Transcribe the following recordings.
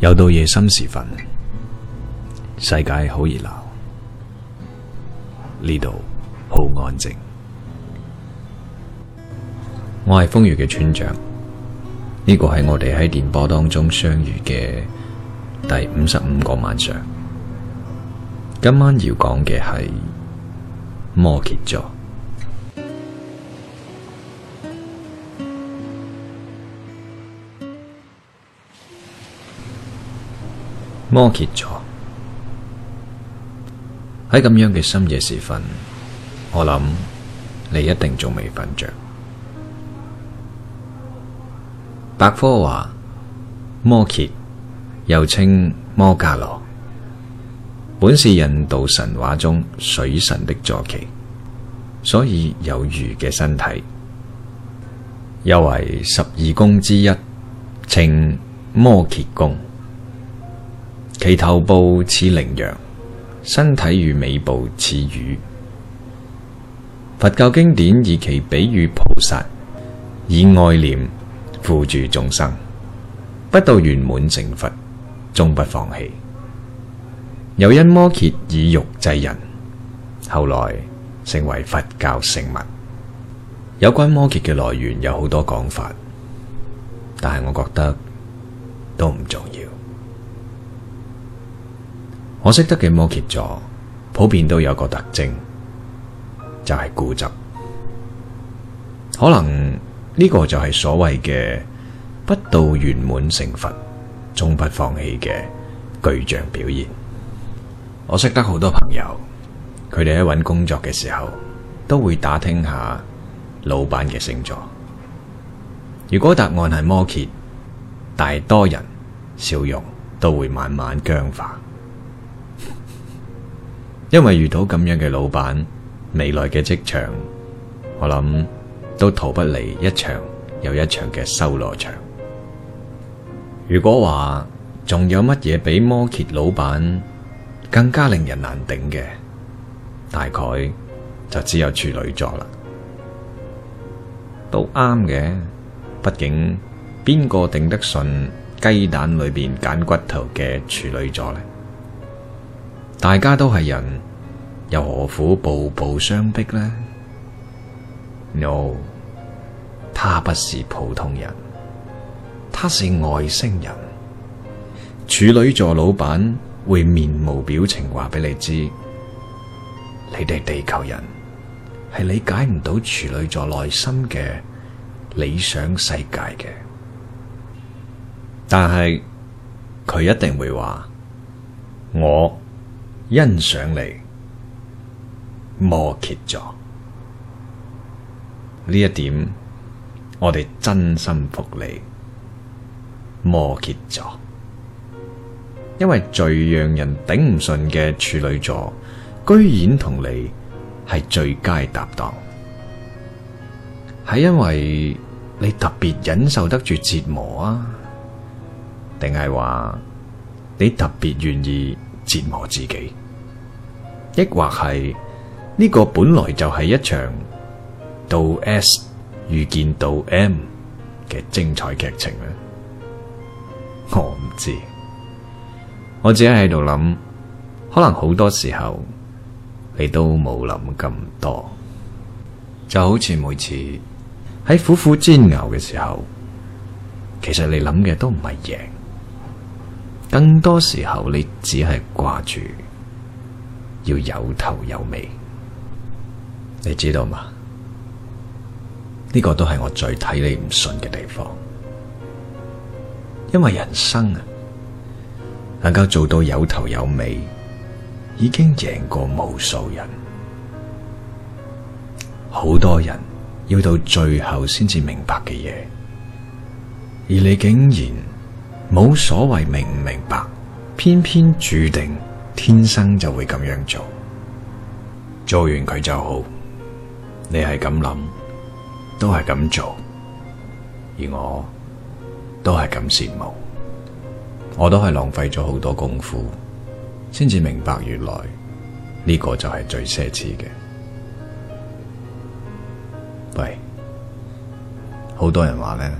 又到夜深時分，世界好熱鬧，呢度好安靜。我係瘋粵嘅村長，呢個係我哋喺電波當中相遇嘅第五十五個晚上。今晚要講嘅係摩羯座。摩羯座喺咁樣嘅深夜時分，我諗你一定仲未瞓着。百科話，摩羯又稱摩伽羅，本是印度神話中水神的坐騎，所以有魚嘅身體，又為十二宮之一，稱摩羯宮。其頭部似羚羊，身體與尾部似魚。佛教經典以其比喻菩薩，以愛念縛住眾生，不到圓滿成佛，終不放棄。又因摩羯以肉濟人，後來成為佛教聖物。有關摩羯嘅來源有好多講法，但係我覺得都唔重要。我識得嘅摩羯座普遍都有個特徵，就係固執。可能呢個就係所謂嘅不到圓滿成佛，終不放棄嘅具象表現。我識得好多朋友，佢哋喺搵工作嘅時候都會打聽下老闆嘅星座。如果答案係摩羯，大多人笑容都會慢慢僵化。因為遇到咁樣嘅老闆，未來嘅職場，我諗都逃不離一場又一場嘅修羅場。如果話仲有乜嘢比摩羯老闆更加令人難頂嘅，大概就只有處女座啦。都啱嘅，畢竟邊個頂得順雞蛋裏邊揀骨頭嘅處女座呢？大家都係人，又何苦步步相逼呢？No，他不是普通人，他是外星人。處女座老板會面無表情話俾你知，你哋地球人係理解唔到處女座內心嘅理想世界嘅。但係佢一定會話我，欣賞你。摩羯座呢一點，我哋真心服你摩羯座，因為最讓人頂唔順嘅處女座，居然同你係最佳拍檔。係因為你特別忍受得住折磨啊，定係話你特別願意。折磨自己，抑或係呢個本來就係一場抖 S 遇見抖 M 嘅精彩劇情咧？我唔知，我自己喺度諗，可能好多時候你都冇諗咁多，就好似每次喺苦苦煎熬嘅時候，其實你諗嘅都唔係贏。更多時候，你只係掛住要有頭有尾，你知道嗎？呢個都係我最睇你唔順嘅地方，因為人生啊，能夠做到有頭有尾，已經贏過無數人。好多人要到最後先至明白嘅嘢，而你竟然。冇所謂明唔明白，偏偏注定天生就會咁樣做，做完佢就好。你係咁諗，都係咁做，而我都係咁羨慕，我都係浪費咗好多功夫，先至明白原來呢個就係最奢侈嘅。喂，好多人話咧，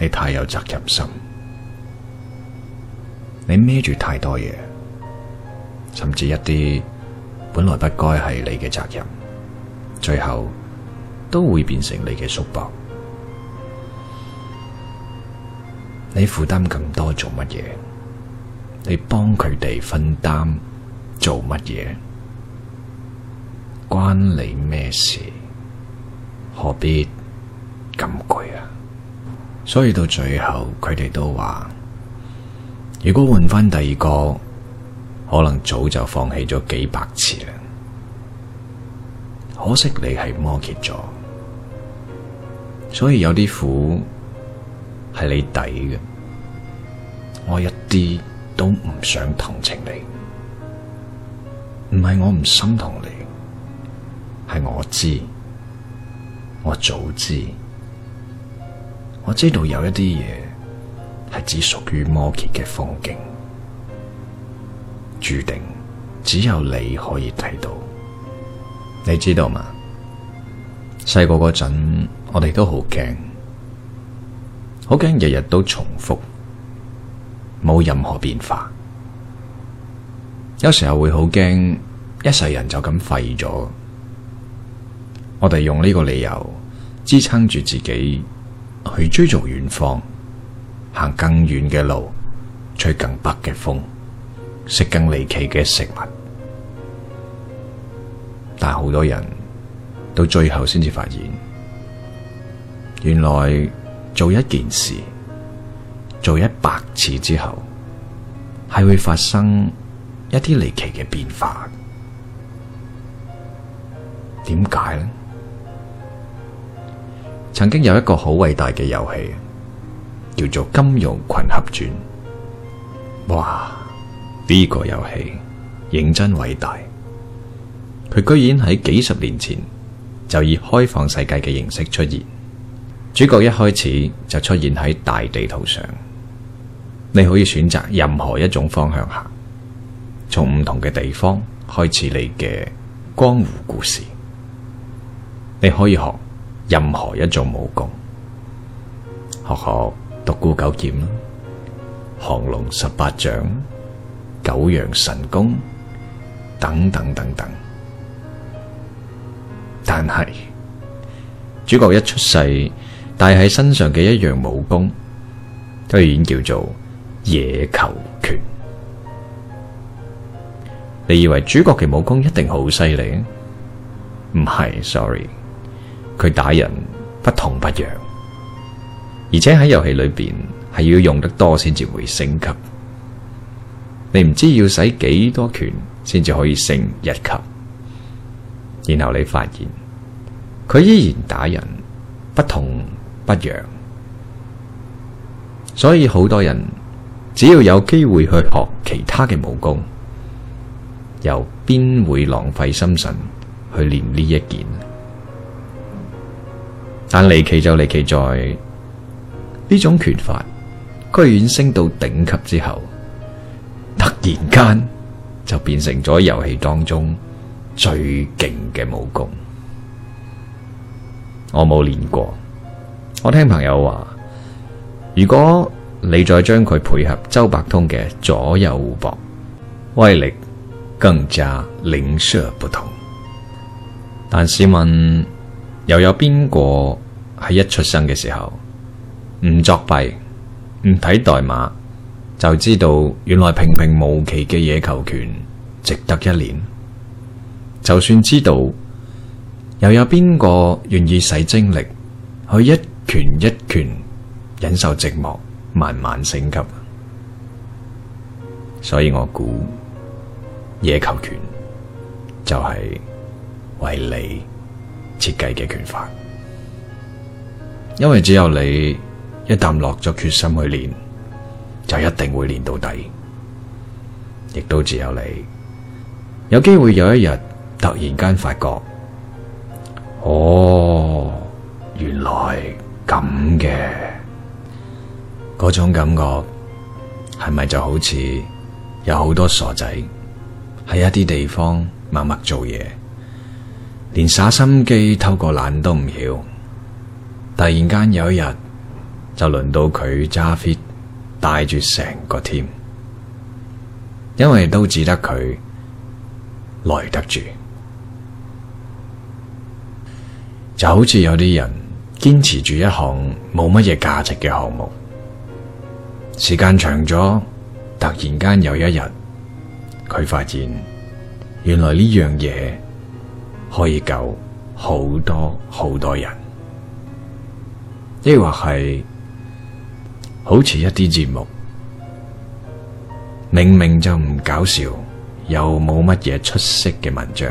你太有責任心。你孭住太多嘢，甚至一啲本來不該係你嘅責任，最後都會變成你嘅束縛。你負擔咁多做乜嘢？你幫佢哋分擔做乜嘢？關你咩事？何必咁攰啊？所以到最後，佢哋都話。如果換翻第二個，可能早就放棄咗幾百次啦。可惜你係摩羯座，所以有啲苦係你抵嘅。我一啲都唔想同情你，唔係我唔心疼你，係我知，我早知，我知道有一啲嘢。係只屬於摩羯嘅風景，注定只有你可以睇到。你知道嗎？細個嗰陣，我哋都好驚，好驚日日都重複，冇任何變化。有時候會好驚，一世人就咁廢咗。我哋用呢個理由支撐住自己去追逐遠方。行更遠嘅路，吹更北嘅風，食更離奇嘅食物，但好多人到最後先至發現，原來做一件事做一百次之後，係會發生一啲離奇嘅變化。點解咧？曾經有一個好偉大嘅遊戲。叫做《金庸群俠傳》，哇！呢個遊戲認真偉大，佢居然喺幾十年前就以開放世界嘅形式出現。主角一開始就出現喺大地圖上，你可以選擇任何一種方向行，從唔同嘅地方開始你嘅江湖故事。你可以學任何一種武功，學學。獨孤九劍、降龍十八掌、九陽神功等等等等，但係主角一出世帶喺身上嘅一樣武功，居然叫做野球拳。你以為主角嘅武功一定好犀利？唔係，sorry，佢打人不痛不癢。而且喺遊戲裏邊係要用得多先至會升級，你唔知要使幾多拳先至可以升一級，然後你發現佢依然打人不痛不癢，所以好多人只要有機會去學其他嘅武功，又邊會浪費心神去練呢一件？但離奇就離奇在。呢種拳法居然升到頂級之後，突然間就變成咗遊戲當中最勁嘅武功。我冇練過，我聽朋友話，如果你再將佢配合周伯通嘅左右互搏，威力更加零舍不同。但試問，又有邊個喺一出生嘅時候，唔作弊，唔睇代碼，就知道原來平平無奇嘅野球拳值得一練。就算知道，又有邊個願意使精力去一拳一拳忍受寂寞，慢慢升級？所以我估野球拳就係為你設計嘅拳法，因為只有你。一旦落咗決心去練，就一定會練到底，亦都只有你有機會有一日突然間發覺，哦，原來咁嘅嗰種感覺，係咪就好似有好多傻仔喺一啲地方默默做嘢，連耍心機偷個懶都唔曉，突然間有一日。就輪到佢揸 fit 帶住成個 team，因為都只得佢耐得住，就好似有啲人堅持住一項冇乜嘢價值嘅項目，時間長咗，突然間有一日，佢發現原來呢樣嘢可以救好多好多人，抑或係。好似一啲節目，明明就唔搞笑，又冇乜嘢出色嘅文章，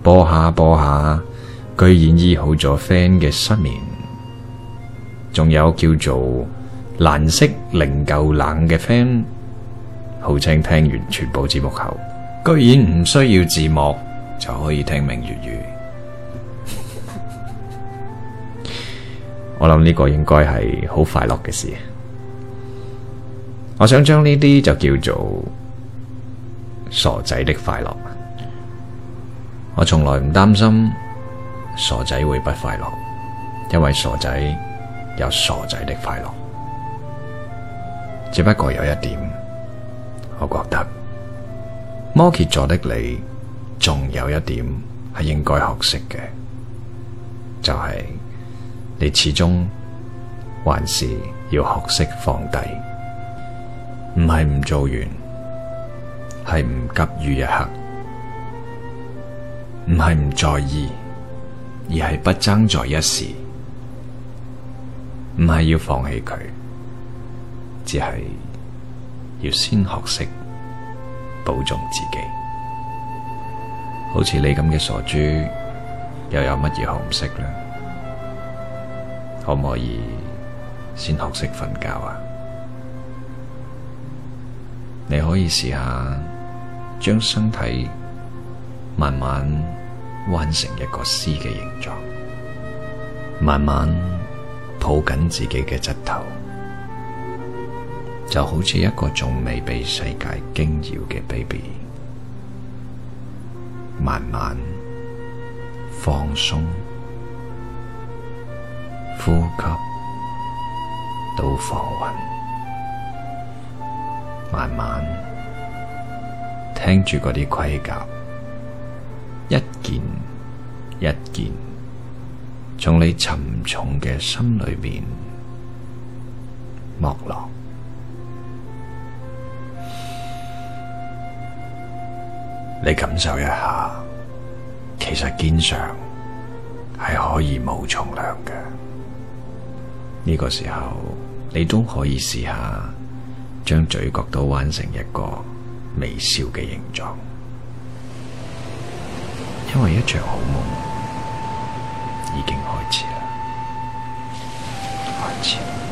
播下播下，居然醫好咗 fan 嘅失眠，仲有叫做斕色泠舊冷嘅 fan，號稱聽完全部節目後，居然唔需要字幕就可以聽明粵語。我諗呢個應該係好快樂嘅事，我想將呢啲就叫做傻仔的快樂。我從來唔擔心傻仔會不快樂，因為傻仔有傻仔的快樂。只不過有一點，我覺得摩羯座的你仲有一點係應該學識嘅，就係、是。你始終還是要學識放低，唔係唔做完，係唔急於一刻，唔係唔在意，而係不爭在一時，唔係要放棄佢，只係要先學識保重自己。好似你咁嘅傻豬，又有乜嘢學唔識呢？可唔可以先學識瞓覺啊？你可以試下將身體慢慢彎成一個 C 嘅形狀，慢慢抱緊自己嘅膝頭，就好似一個仲未被世界驚擾嘅 baby，慢慢放鬆。呼吸都放勻，慢慢聽住嗰啲盔甲一件一件從你沉重嘅心裏面剝落，你感受一下，其實肩上係可以冇重量嘅。呢個時候，你都可以試下將嘴角都彎成一個微笑嘅形狀，因為一場好夢已經開始啦，開始了。